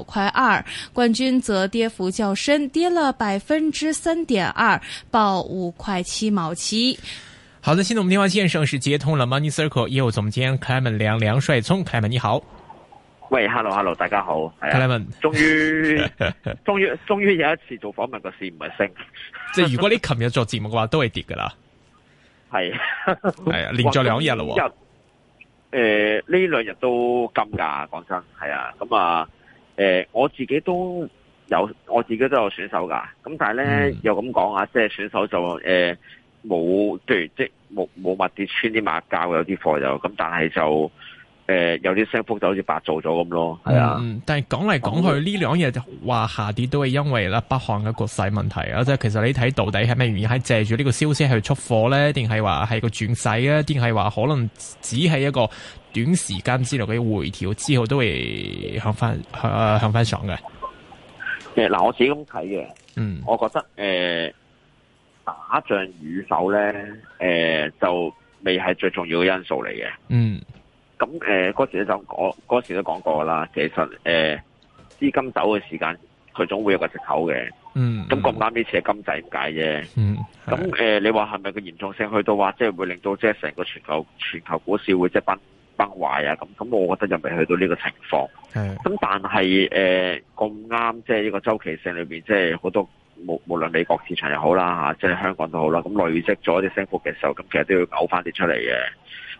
五塊二，冠軍則跌幅較深，跌了百分之三點二，報五塊七毛七。好的，現在我們電話線上是接通了 Money Circle 業務總監 Kevin 梁梁帥聰 Kevin 你好。喂，Hello，Hello，Hello，大家好。Kevin 終於 終於終於，終於有一次做訪問個市唔係升，即係如果你琴日做節目嘅話 都係跌噶啦。係係、 哎呃、啊，連做兩日啦。今日誒呢兩日都金噶，講真係啊，咁啊。誒、呃、我自己都有，我自己都有選手㗎。咁但係咧又咁講啊，即係、嗯、選手就誒冇斷即冇冇密跌穿啲馬膠，有啲貨就咁，但係就誒、呃、有啲升幅就好似白做咗咁咯。係啊，嗯，的但係講嚟講去呢兩日話下跌都係因為啦北韓嘅局勢問題啊，即係其實你睇到底係咩原因係借住呢個消息去出貨咧，定係話係個轉勢啊？定係話可能只係一個？短時間之內嘅回調之後都會向翻向向、啊、翻上嘅。誒、嗯，嗱，我自己咁睇嘅。嗯，我覺得誒、呃，打仗與否咧，誒、呃，就未係最重要嘅因素嚟嘅。嗯。咁誒，嗰、呃、時都講嗰時都講過啦。其實誒，資、呃、金走嘅時間，佢總會有一個借口嘅。嗯。咁咁啱呢次扯金仔唔解啫。嗯。咁誒、呃，你話係咪個嚴重性去到的話，即係會令到即係成個全球全球股市會即係崩？崩壞啊！咁咁，我覺得就未去到呢個情況。咁的、嗯、但係誒咁啱，即係呢個周期性裏面，即係好多無、無論美國市場又好啦嚇，即係香港都好啦。咁累積咗一啲升幅嘅時候，咁其實都要嘔翻啲出嚟嘅。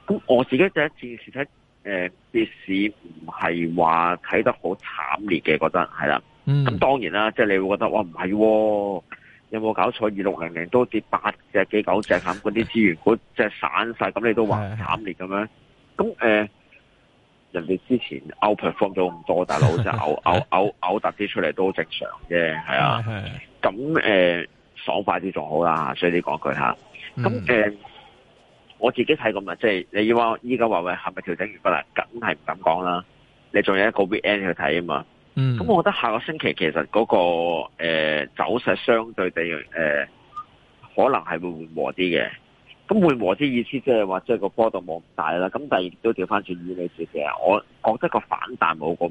咁我自己就一次時睇誒跌市唔係話睇得好、呃、慘烈嘅，覺得係啦。咁、嗯、當然啦，即、就、係、是、你會覺得我唔係喎，有冇搞錯？二六零零都跌八隻幾九隻，咁，嗰啲資源股即係散曬，咁你都話慘烈咁樣？咁誒、呃，人哋之前 outperform 咗咁多，大佬就偶偶偶拗答啲出嚟都好正常啫，係啊。咁誒、 呃、爽快啲仲好啦，所以你講句下。咁誒、嗯呃，我自己睇咁啊，即、就、係、是、你要話依家話喂係咪調整完畢啦？梗係唔敢講啦。你仲有一個 week end 去睇啊嘛。咁、嗯、我覺得下個星期其實嗰、那個、呃、走勢相對地、呃、可能係會緩和啲嘅。咁會和啲意思，即係話，即係個波度冇咁大啦。咁、啊嗯、但係都調翻轉語氣嘅，我覺得個反彈冇咁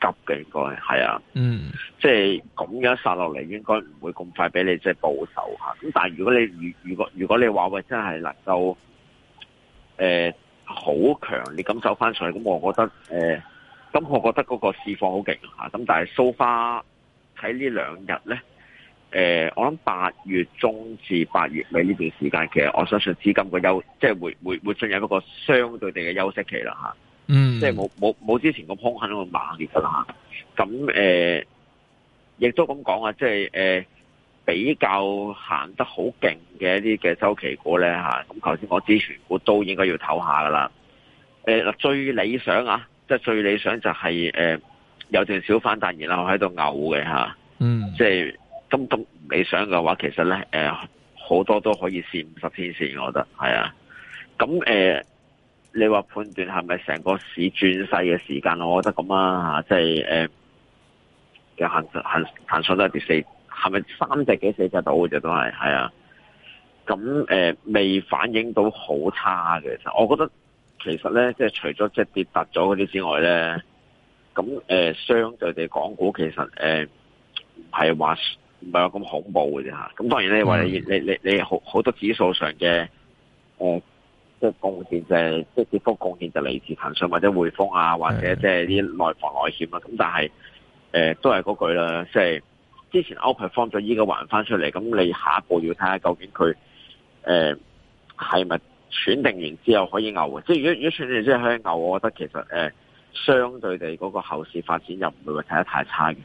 急嘅，應該係啊。嗯，即係咁樣殺落嚟，應該唔會咁快俾你即係報仇嚇。咁但係如果你如果你話喂真係能夠好強烈咁走返上去，咁我覺得誒，咁我覺得嗰個釋放好勁嚇。咁但係 so far 喺呢兩日呢。誒、呃，我諗八月中至八月尾呢段時間，其實我相信資金個休，即係會會會進入一個相對地嘅休息期啦，吓，嗯，即係冇冇冇之前咁兇狠咁猛烈噶啦，咁誒，亦都咁講啊，即係誒、啊啊呃，比較行得好勁嘅一啲嘅周期股咧，吓、啊，咁頭先我之前股都應該要唞下噶啦，誒、啊、嗱，最理想啊，即係最理想就係、是、誒、啊、有段小反彈然我喺度嘔嘅吓，啊、嗯，即係。咁都唔理想嘅話，其實咧，誒，好多都可以試五十天線，我覺得係啊。咁誒、呃，你話判斷係咪成個市轉勢嘅時間，我覺得咁啊，即係誒嘅行行行上都係跌四，係咪三隻幾四隻到嘅啫？都係係啊。咁誒，未、呃、反映到好差嘅，其實我覺得其實咧，即係除咗即係跌突咗嗰啲之外咧，咁誒、呃，相對地，港股其實誒係話。呃唔係有咁恐怖嘅啫吓，咁當然你話你你你你好好多指數上嘅誒，即係貢獻就係即係跌幅貢獻就嚟自騰訊或者匯豐啊，或者即係啲內房內險啊。咁但係誒，都係嗰句啦，即係之前 outperform 咗，依家還翻出嚟，咁你下一步要睇下究竟佢係咪選定完之後可以牛，即係如果如果選定之後可以牛，我覺得其實誒，相對地嗰個後市發展又唔會話睇得太差嘅。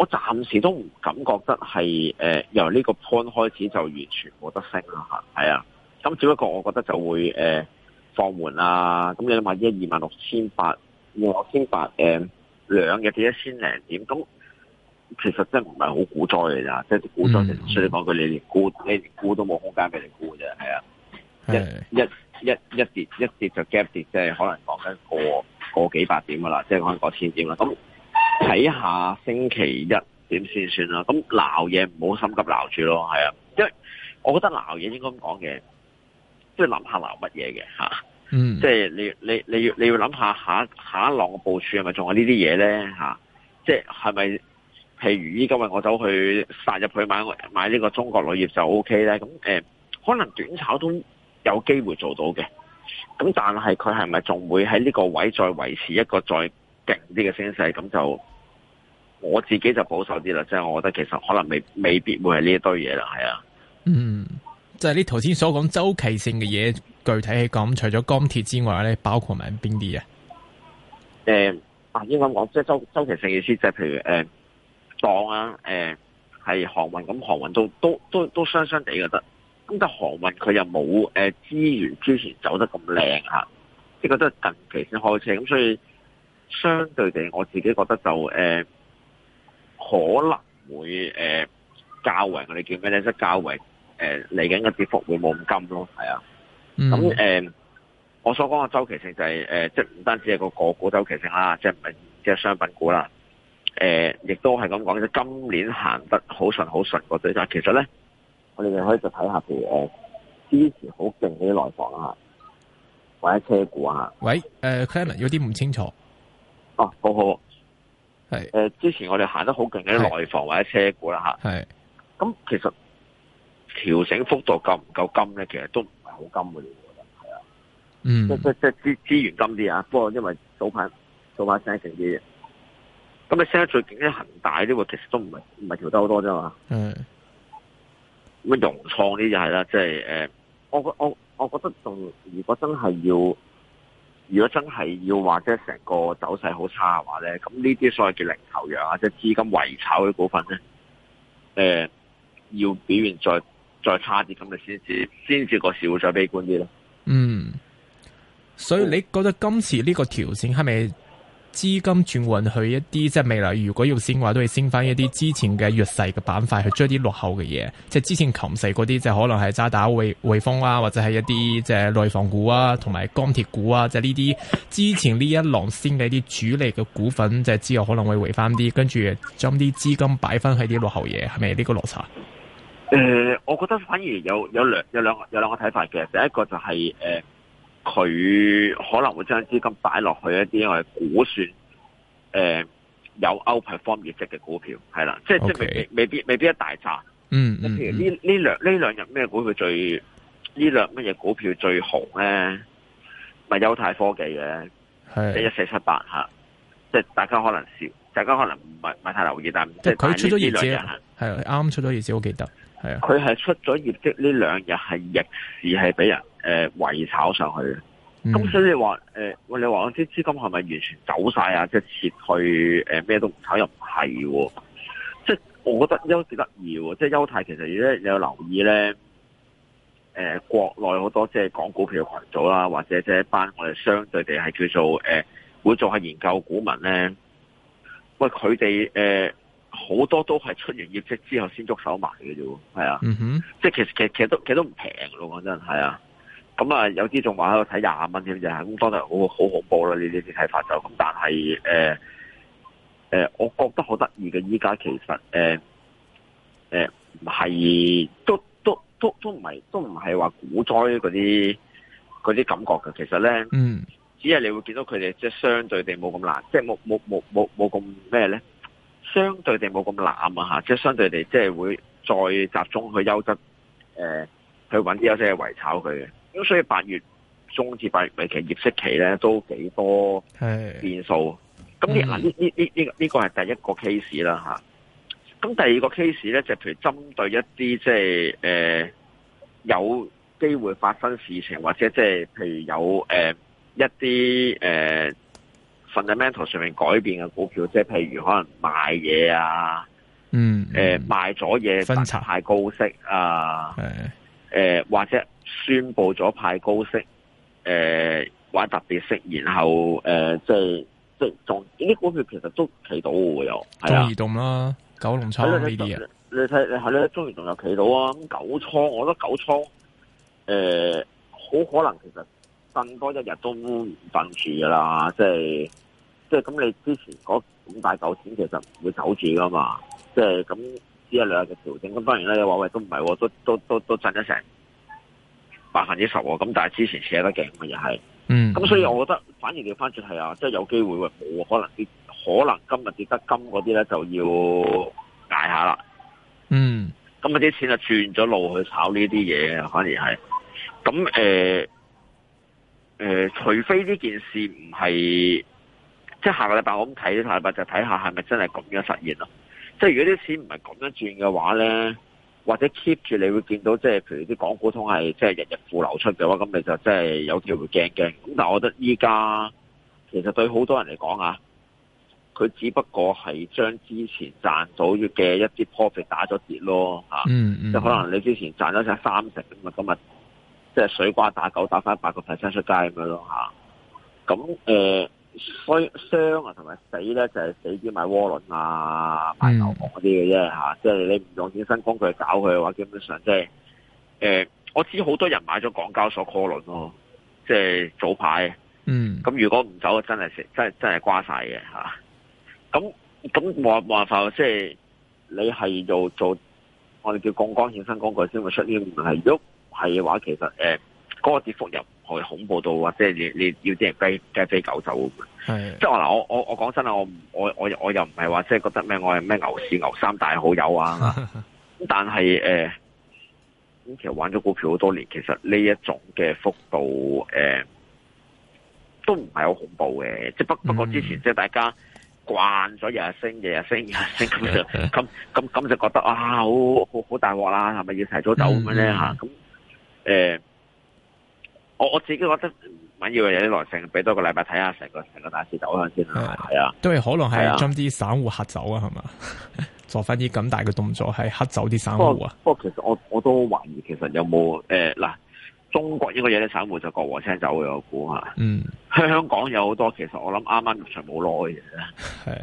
我暫時都唔感覺得係誒、呃、由呢個 point 開始就完全冇得升啦嚇，係啊，咁只不過我覺得就會誒、呃、放緩啦。咁你諗下、呃，一二萬六千八，二萬六千八誒，兩日跌一千零點，咁其實真唔係好股災嚟㗎，即係股災。嗯、所以講句你連沽，你連沽都冇空間俾你沽嘅。係啊的，一一一一跌一跌就 gap 跌，即、就、係、是、可能講緊個幾百點㗎啦，即、就、係、是、可能個千點啦，咁。睇下星期一點先算啦。咁撈嘢唔好心急撈住咯，係啊，因為我覺得撈嘢應該講嘅，即要諗下撈乜嘢嘅嚇。嗯，即係你你你要你要諗下下下一浪嘅部署係咪仲有呢啲嘢咧嚇？即係係咪譬如依今日我走去殺入去買買呢個中國鋁業就 O K 咧？咁誒、呃，可能短炒都有機會做到嘅。咁但係佢係咪仲會喺呢個位再維持一個再勁啲嘅升勢？咁就～我自己就保守啲啦，即係我覺得其實可能未未必會係呢一堆嘢啦，係啊。嗯，即係你頭先所講周期性嘅嘢，具體係講，除咗鋼鐵之外咧，包括埋邊啲啊？誒，啊，應該講即係周周期性嘅意思，即係譬如誒，港啊，誒，係航運，咁航運都都都都雙雙哋覺得。咁但係航運佢又冇誒資源，之前走得咁靚呀。即係覺得近期先開車，咁所以相對地，我自己覺得就誒。欸可能會誒較為我哋叫咩咧，即係較為誒嚟緊嘅跌幅會冇咁金咯，係啊。咁誒、嗯呃，我所講嘅周期性就係、是、誒、呃，即係唔單止係個個股周期性啦，即係唔係即係商品股啦。誒、呃，亦都係咁講，即係今年行得好順好順個啲，但係其實咧，我哋可以就睇下譬如、呃、支持好勁嗰啲內房啊，或者車股啊。喂，誒、呃、Clarence 有啲唔清楚。哦、啊，好好。係誒、呃，之前我哋行得好勁嘅內內房或者車股啦吓，係咁、啊、其實調整幅度夠唔夠金咧？其實都唔係好金嘅，係啊，嗯，即即即資資源金啲啊。不過因為早排早排升成啲，咁你升得最勁啲恒大啲，其實都唔係唔係調得好多啫嘛。嗯是，咁融創呢就係啦、啊，即係誒、呃，我我我覺得仲如果真係要。如果真係要話即係成個走勢好差嘅話咧，咁呢啲所謂嘅領頭羊啊，即係資金圍炒嘅股份咧，誒、呃，要表現再再差啲，咁咪先至先至個市會再悲觀啲咯。嗯，所以你覺得今次呢個調整係咪？資金轉運去一啲即係未來如果要升嘅話，都會升翻一啲之前嘅弱勢嘅板塊，去追啲落後嘅嘢，即係之前擒勢嗰啲，就可能係渣打、匯匯豐啊，或者係一啲即係內房股啊，同埋鋼鐵股啊，即係呢啲之前呢一浪先嘅啲主力嘅股份，即係之後可能會回翻啲，跟住將啲資金擺翻喺啲落後嘢，係咪呢個落差？誒、呃，我覺得反而有有兩有兩個有兩個睇法嘅，第一個就係、是、誒。呃佢可能會將資金擺落去一啲我係估算誒、呃、有 outperform 業績嘅股票，係啦，即係即未 Okay. 未必未必一大賺、嗯。嗯，咁、嗯、譬如呢呢兩呢兩日咩股票最呢兩乜嘢股票最紅咧？咪優泰科技嘅係一四七八，即係大家可能少，大家可能唔係唔係太留意，但係即係佢出咗業績係啱出咗業績，我記得係啊，佢係出咗業績呢兩日係逆市係俾人。誒，圍、呃、炒上去嘅，咁、嗯、所以你話誒，喂、呃，你話啲資金係咪完全走晒啊、呃？即係撤去誒咩都唔炒又唔係，即係我覺得優幾得意喎。即係優泰其實你有留意咧，誒、呃，國內好多即係港股票嘅群組啦，或者即係一班我哋相對地係叫做誒、呃、會做下研究股民咧，喂，佢哋誒好多都係出完業績之後先喐手埋嘅啫，係啊，嗯、哼即係其實其實其實都其實都唔平咯，講真係啊。咁啊、嗯，有啲仲話喺度睇廿蚊添係咁，當然好好恐怖啦！你啲睇法就咁，但係誒、呃呃、我覺得好得意嘅，依家其實誒誒，係、呃呃、都都都都唔係都唔係話股災嗰啲嗰啲感覺嘅，其實咧，嗯，只係你會見到佢哋即係相對地冇咁難，即係冇冇冇冇冇咁咩咧，相對地冇咁難啊即係、就是、相對地即係、就是、會再集中去優質、呃、去搵啲優質嘅圍炒佢嘅。咁所以八月中至八月尾期，其實業績期咧都幾多變數。咁呢是？呢呢呢呢呢個係、這個、第一個 case 啦吓。咁、啊、第二個 case 咧就是、譬如針對一啲即係誒有機會發生事情，或者即係譬如有誒、呃、一啲誒、呃、fundamental 上面改變嘅股票，即係譬如可能賣嘢啊，嗯誒、嗯呃、賣咗嘢分拆岔高息啊，誒是、呃、或者。宣布咗派高息，誒、呃、或者特別息，然後誒即係即係仲呢啲股票其實都企到嘅喎，係啊，移動啦、的九龍倉呢啲嘢，些你睇你係咧，中原仲有企到啊，咁九倉，我覺得九倉誒好、呃、可能其實震多一日都唔震住噶啦，即係即係咁你之前嗰咁大嚿錢其實唔會走住噶嘛，即係咁一兩兩日嘅調整，咁當然呢你話喂，都唔係，都、啊、都都都震一成。都百分之十喎，咁但係之前寫得勁嘅又係，咁所以我覺得反而調翻轉係啊，即係有機會喎，冇可能跌，可能今日跌得金嗰啲咧就要捱一下啦。嗯，咁啊啲錢就轉咗路去炒呢啲嘢，反而係，咁誒誒，除非呢件事唔係，即係下個禮拜我咁睇下禮拜就睇下係咪真係咁樣實現啊。即係如果啲錢唔係咁樣轉嘅話咧。或者 keep 住，你會見到即係譬如啲港股通係即係日日負流出嘅話，咁你就真係有機會驚驚。咁但係我覺得依家其實對好多人嚟講啊，佢只不過係將之前賺到嘅一啲 profit 打咗跌咯嚇，即、mm hmm. 可能你之前賺咗成三成咁嘛，今日即係水瓜打狗打翻八個 percent 出街咁樣咯咁誒。所以傷傷啊，同埋死咧就係死啲買窩輪啊，買牛熊嗰啲嘅啫吓。嗯、即係你唔用衍生工具搞佢嘅話，基本上即係誒，我知好多人買咗港交所 call 輪咯，即係早排，嗯，咁如果唔走是是是是嘅啊，真係真係真係瓜晒嘅吓，咁咁冇冇辦法即係、就係、你係要做我哋叫槓桿衍生工具先會出呢啲問題，若係嘅話，其實誒嗰個跌幅又？呃我恐怖到，或者你你要隻雞雞飛狗走係是的 即係話嗱，我我我講真啦，我我我我又唔係話即係覺得咩，我係咩牛市牛三大好友啊。咁 但係誒，咁、呃、其實玩咗股票好多年，其實呢一種嘅幅度誒、呃，都唔係好恐怖嘅。即不不過之前即係、嗯、大家慣咗日日升，日升日升，日日升咁就咁咁就覺得啊，好好好大鑊啦，係咪要提早走咁咧吓？咁誒、嗯。我我自己覺得唔緊要嘅，有啲耐性，俾多一個禮拜睇下成個成個大市走向先啦。啊的，的都係可能係將啲散戶嚇走啊，係嘛？做翻啲咁大嘅動作，係嚇走啲散戶啊。不過其實我我都懷疑，其實有冇誒嗱，中國應該有啲散戶就割禾青走嘅我估嚇。嗯，香港有好多，其實我諗啱啱入場冇耐嘅嘢咧。係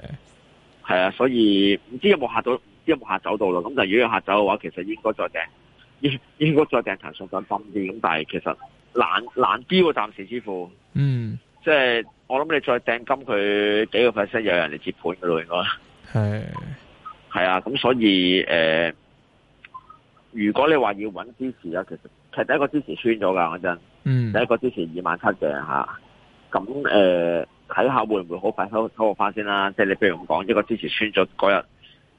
係啊，所以唔知有冇嚇到，唔知有冇嚇走到咯。咁但係如果嚇走嘅話，其實應該再掟，應該掟應該再掟騰訊咁深啲。咁但係其實。難難啲暫時支付，嗯，即係我諗你再掟金佢幾個 percent，有人嚟接盤㗎喇，應該，係係是啊，咁所以誒、呃，如果你話要搵支持啊，其實係第一個支持穿咗噶嗰陣，嗯，第一個支持二萬七嘅吓，咁誒睇下會唔會好快收收復翻先啦，即係你不如咁講，一個支持穿咗嗰日，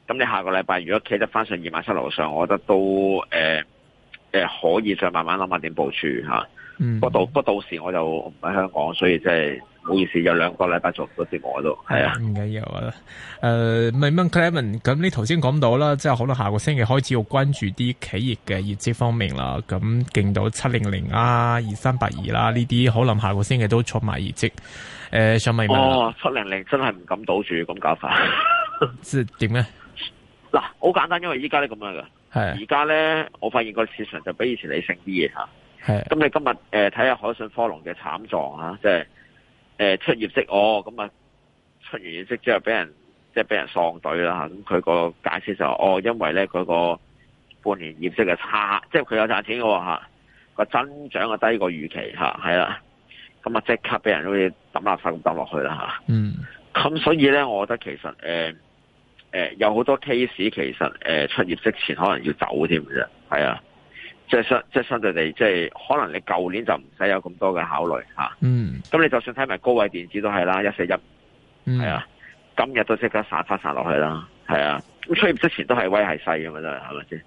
咁你下個禮拜如果企得翻上二萬七樓上，我覺得都誒誒、呃呃、可以再慢慢諗下點部署吓。啊嗯，不到不到時我就唔喺香港，所以即係唔好意思，有兩個禮拜做唔到節目我都係啊。唔緊要啊，誒，咪問 Clement 咁你頭先講到啦，即係可能下個星期開始要關注啲企業嘅業績方面啦。咁勁到七零零啊，二三八二啦呢啲，可能下個星期都出埋業績。誒、呃，想問一問。七零零真係唔敢賭住咁搞法。即係點咧？嗱，好簡單，因為依家咧咁樣噶。係、啊。而家咧，我發現個市場就比以前理性啲嘢吓。啊咁你今日誒睇下海信科龍嘅慘狀，即係誒出業績哦，咁啊出完業績之後俾人即係俾人喪隊啦吓，咁佢個解釋就係、是、哦，因為咧佢、那個半年業績嘅差，即係佢有賺錢嘅吓，個、啊、增長嘅低過預期吓，係、啊、啦，咁啊即刻俾人好似抌垃圾咁抌落去啦吓。啊、嗯，咁所以咧，我覺得其實誒誒、呃呃、有好多 case 其實誒、呃、出業績前可能要走添嘅啫，係啊。即係相即係、就是、相對地，即、就、係、是、可能你舊年就唔使有咁多嘅考慮嚇。嗯。咁、啊、你就算睇埋高位電子都係啦，一四一，係啊，今日都即刻殺翻殺落去啦，係啊。咁出業之前都係威係細咁樣啫，係咪先？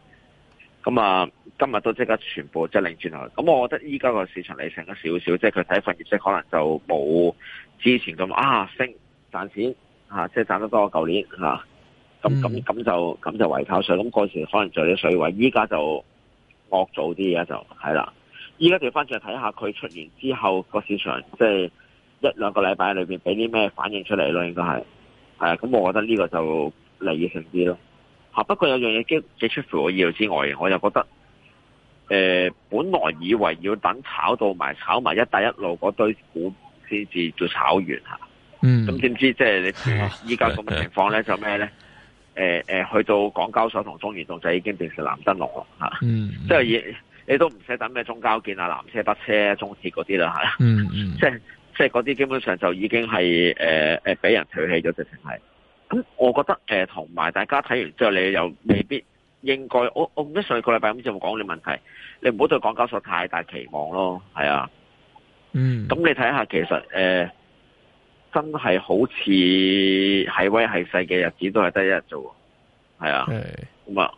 咁啊，今日都即刻全部即係擰轉頭。咁我覺得依家個市場理性得少少，即係佢睇份業績可能就冇之前咁啊升賺錢嚇，即、啊、係、就是、賺得多舊年嚇。咁咁咁就咁就維靠水，咁嗰時可能在咗水位，依家就。惡早啲而家就係啦，依家調翻轉嚟睇下佢出完之後個市場，即係一兩個禮拜裏邊俾啲咩反應出嚟咯，應該係係啊，咁我覺得呢個就利益性啲咯。吓，不過有樣嘢幾，即出乎我意料之外嘅，我就覺得，誒、呃，本來以為要等炒到埋炒埋一帶一路嗰堆股，先至叫炒完吓。嗯。咁點知即係你依家咁嘅情況咧，就咩咧？誒誒、呃，去到港交所同中移動就已經變成藍燈籠咯吓，即係、嗯、 你都唔使等咩中交建啊、南車、北車、中鐵嗰啲啦吓，即係即係嗰啲基本上就已經係誒誒俾人取棄咗直情係。咁、就是、我覺得誒同埋大家睇完之後，你又未必應該，我我唔知上個禮拜咁似冇講啲問題，你唔好對港交所太大期望咯，係啊，嗯，咁你睇下其實誒。呃真係好似係威係勢嘅日子都係得一日做，係啊，咁啊的，即係、嗯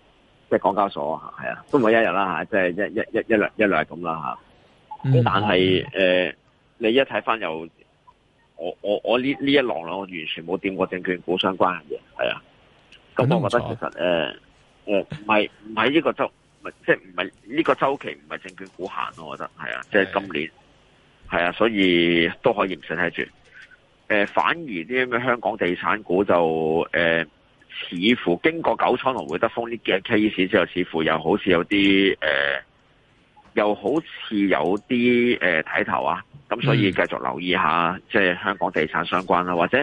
就是、港交所啊，係啊，都唔係一日啦，吓、啊，即係一一一一兩一兩日咁啦，吓、啊。但係誒、嗯呃，你一睇翻又，我我我呢呢一浪咧，我完全冇掂過證券股相關嘅嘢，係啊。咁，我覺得其實誒唔係唔係呢個周， 即係唔係呢個周期，唔係證券股行咯。我覺得係啊，即、就、係、是、今年係的啊，所以都可以唔使睇住。誒、呃，反而啲香港地產股就誒、呃，似乎經過九倉同會德豐呢幾 case 之後，似乎又好似有啲誒、呃，又好似有啲誒睇頭啊！咁所以繼續留意下，嗯、即係香港地產相關啦、啊，或者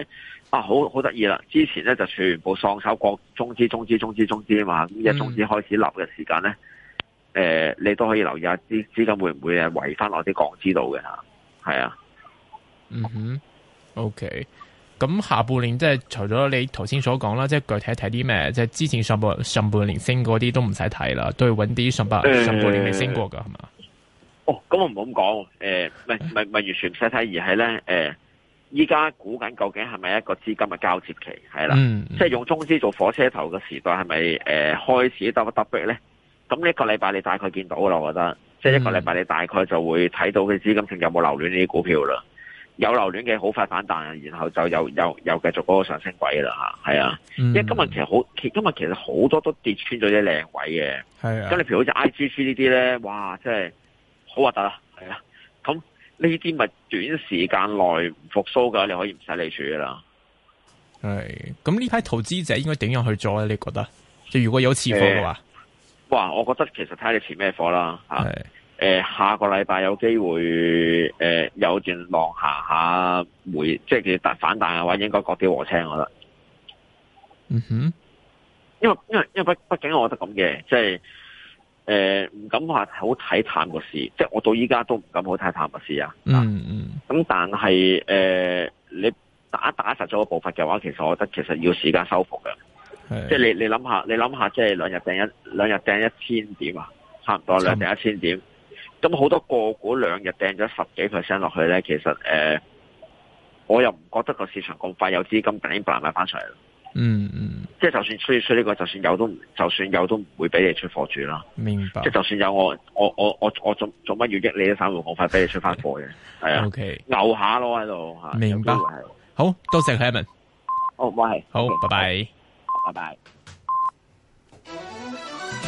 啊，好好得意啦！之前咧就全部喪手，國中資中資中資中資啊嘛，咁一中資開始立嘅時間咧，誒、呃，你都可以留意下啲資金會唔會誒圍翻落啲港資度嘅吓，係啊，嗯哼。O K，咁下半年即係除咗你頭先所講啦，即係具體睇啲咩？即係之前上半上半年升嗰啲都唔使睇啦，都係揾啲上半、呃、上半年未升過噶係嘛？呃、吧哦，咁我唔好咁講，誒、呃，唔係唔係完全唔使睇，而係咧，誒、呃，依家估緊究竟係咪一個資金嘅交接期？係啦，嗯、即係用中資做火車頭嘅時代係咪誒開始得不得？b l 咧？咁一個禮拜你大概見到啦，我覺得，嗯、即係一個禮拜你大概就會睇到佢資金仲有冇留戀呢啲股票啦。有留戀嘅好快反彈，然後就又又又繼續嗰個上升軌啦嚇，係啊，嗯、因為今日其實好，今日其實好多都跌穿咗啲靚位嘅，係啊，咁你譬如好似 IGC 呢啲咧，哇，真係好核突啊，係、嗯、啊，咁呢啲咪短時間內唔復甦噶，你可以唔使理住啦。係，咁呢批投資者應該點樣去做咧？你覺得？就如果有次貨嘅話、呃，哇，我覺得其實睇下你持咩貨啦、啊誒、呃，下個禮拜有機會誒、呃，有段浪下下回，即係佢反彈彈嘅話，應該割啲禾青，我覺得。嗯哼，因為因為因為畢畢竟我覺得咁嘅，即係誒唔敢話好睇淡個市，即係我到依家都唔敢好睇淡個市啊。嗯咁、嗯、但係誒、呃，你打打實咗個步伐嘅話，其實我覺得其實要時間修復嘅。是的 即係你你諗下，你諗下，即係兩日掟一兩日掟一千點啊，差唔多兩日掟一千點。咁好多個股兩日掟咗十幾 percent 落去咧，其實誒、呃，我又唔覺得個市場咁快有資金緊緊白買翻上嚟。嗯嗯，即係就算需要出呢個，就算有都，就算有都唔會俾你出貨住啦。明白。即係就算有我，我我我我做做乜要益你啲散戶，好快俾你出翻貨嘅。係 啊。O Okay K。牛下咯喺度。明白。好多謝 Kevin。哦，喂、oh,。好，拜拜 Okay, bye。拜拜。